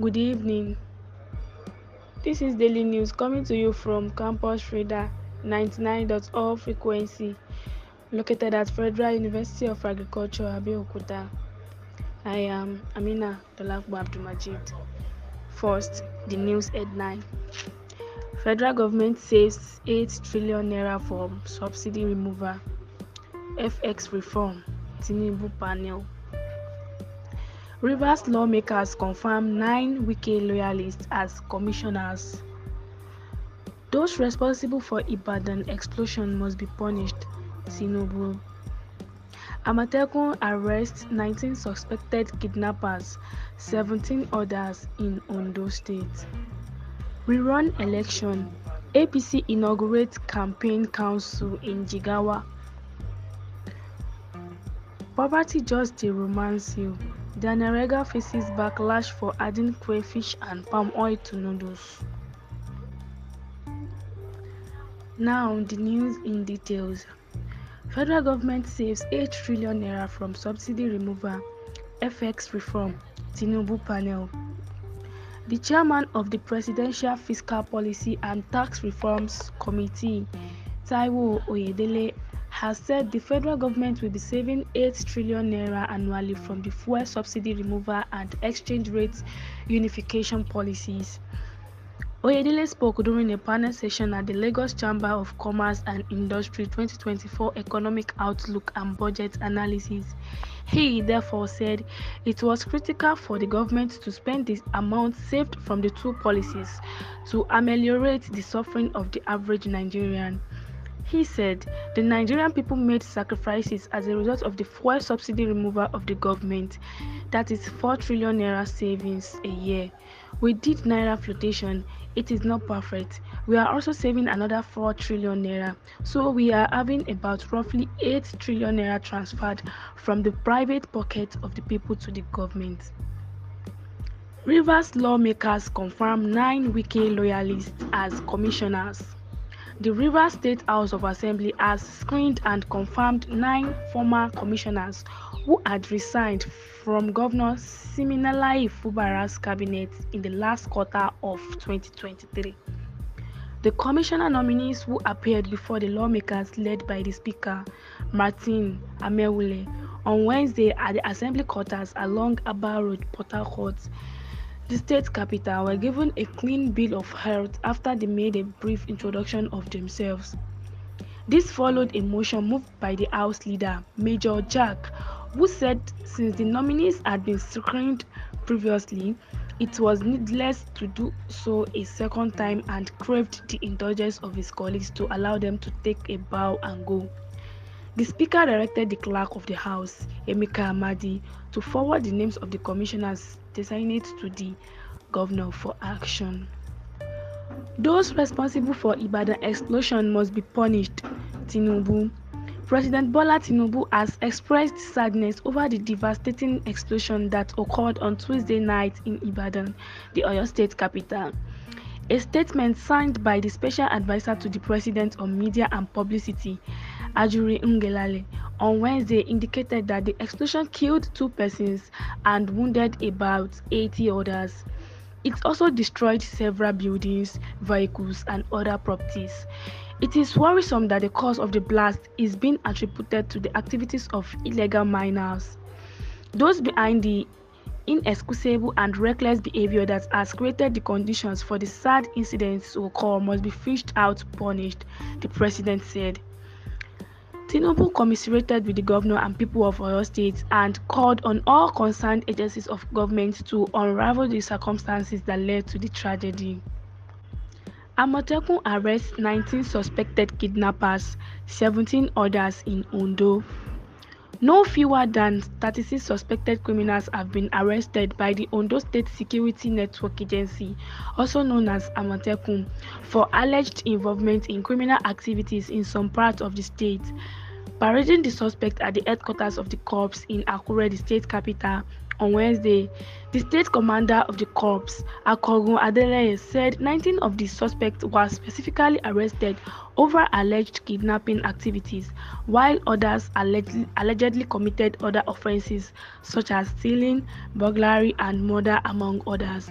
Good evening. This is Daily News coming to you from Campus Radar 99.0 frequency, located at Federal University of Agriculture, Abeokuta. I am Amina Dolakbo Abdulmajid. First, the news headline. Federal government saves 8 trillion naira for subsidy removal. FX reform. Tinibu panel Rivers lawmakers confirm nine Wike loyalists as commissioners. Those responsible for Ibadan explosion must be punished, Sinobu. Amatekun arrests 19 suspected kidnappers, 17 others in Ondo State. Rerun election. APC inaugurates campaign council in Jigawa. Poverty just a romance you. The faces backlash for adding crayfish and palm oil to noodles. Now, the news in details. Federal government saves 8 trillion naira from subsidy removal, FX reform, Tinubu panel. The chairman of the Presidential Fiscal Policy and Tax Reforms Committee, Taiwo Oyedele, has said the federal government will be saving 8 trillion naira annually from the fuel subsidy removal and exchange rate unification policies. Oyedele spoke during a panel session at the Lagos Chamber of Commerce and Industry 2024 Economic Outlook and Budget Analysis. He therefore said it was critical for the government to spend this amount saved from the two policies to ameliorate the suffering of the average Nigerian. He said the Nigerian people made sacrifices as a result of the fuel subsidy removal of the government, that is 4 trillion naira savings a year. We did naira flotation, it is not perfect. We are also saving another 4 trillion naira. So we are having about roughly 8 trillion naira transferred from the private pocket of the people to the government. Rivers lawmakers confirm nine Wike loyalists as commissioners the Rivers State House of Assembly has screened and confirmed nine former commissioners who had resigned from Governor Siminalai Fubara's cabinet in the last quarter of 2023. The commissioner nominees who appeared before the lawmakers led by the Speaker, Martin Amewule, on Wednesday at the Assembly quarters along Aba Road, Port Harcourt, the state capital were given a clean bill of health after they made a brief introduction of themselves. This followed a motion moved by the House leader, Major Jack, who said since the nominees had been screened previously, it was needless to do so a second time and craved the indulgence of his colleagues to allow them to take a bow and go. The Speaker directed the Clerk of the House, Emeka Amadi, to forward the names of the commissioners designated to the governor for action. Those responsible for Ibadan explosion must be punished, Tinubu. President Bola Tinubu has expressed sadness over the devastating explosion that occurred on Tuesday night in Ibadan, the Oyo State capital. A statement signed by the special advisor to the president on media and publicity Ajuri Ngelale, on Wednesday indicated that the explosion killed two persons and wounded about 80 others. It also destroyed several buildings, vehicles, and other properties. It is worrisome that the cause of the blast is being attributed to the activities of illegal miners. Those behind the inexcusable and reckless behavior that has created the conditions for the sad incidents to occur must be fished out, punished, the president said. Tinubu commiserated with the governor and people of Oyo State and called on all concerned agencies of government to unravel the circumstances that led to the tragedy. Amotekun arrests 19 suspected kidnappers, 17 others in Ondo. No fewer than 36 suspected criminals have been arrested by the Ondo State Security Network Agency, also known as Amotekun, for alleged involvement in criminal activities in some parts of the state, parading the suspect at the headquarters of the Corps in Akure, the state capital, on Wednesday. The state commander of the Corps, Akogun Adeleye, said 19 of the suspects were specifically arrested over alleged kidnapping activities, while others allegedly, allegedly committed other offenses such as stealing, burglary, and murder, among others.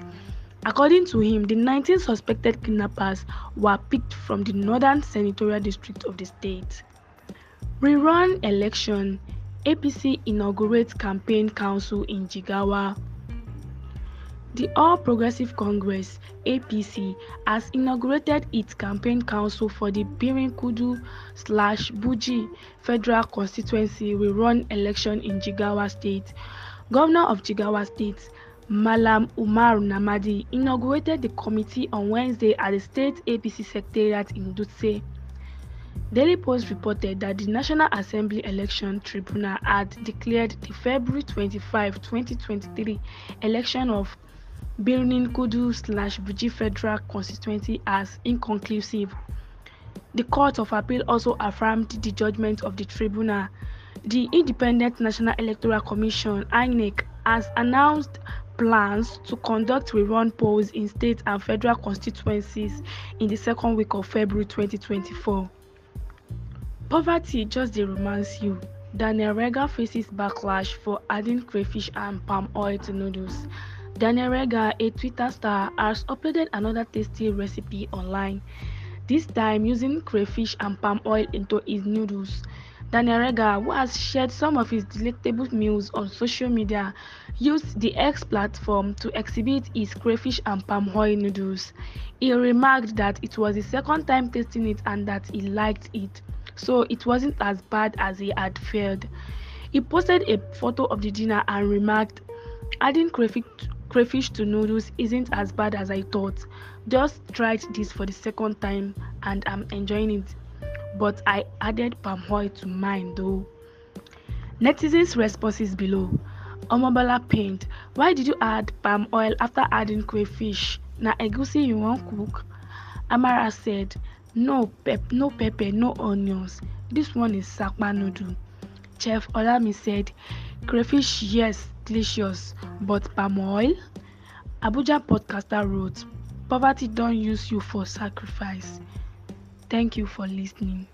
According to him, the 19 suspected kidnappers were picked from the northern senatorial district of the state. Rerun election, APC inaugurates campaign council in Jigawa. The All Progressive Congress (APC) has inaugurated its campaign council for the Birinkudu/Buji Federal Constituency rerun election in Jigawa State. Governor of Jigawa State, Malam Umar Namadi, inaugurated the committee on Wednesday at the state APC secretariat in Dutse. Daily Post reported that the National Assembly Election Tribunal had declared the February 25, 2023 election of Birnin Kudu slash Buji Federal constituency as inconclusive. The Court of Appeal also affirmed the judgment of the tribunal. The Independent National Electoral Commission (INEC) has announced plans to conduct rerun polls in state and federal constituencies in the second week of February 2024. Poverty just the romance you. Daniel Rega faces backlash for adding crayfish and palm oil to noodles. Daniel Rega, a Twitter star, has uploaded another tasty recipe online, this time using crayfish and palm oil into his noodles. Daniel Rega, who has shared some of his delectable meals on social media, used the X platform to exhibit his crayfish and palm oil noodles. He remarked that it was the second time tasting it and that he liked it so it wasn't as bad as he had feared. He posted a photo of the dinner and remarked, adding crayfish, crayfish to noodles isn't as bad as I thought. Just tried this for the second time and I'm enjoying it. But I added palm oil to mine though. Netizens' responses below. Omobala paint. Why did you add palm oil after adding crayfish? Na egusi you won't cook? Amara said, no pep no pepper no onions this one is sapa noodle chef olami said crayfish yes delicious but palm oil abuja podcaster wrote poverty don use you for sacrifice thank you for listening.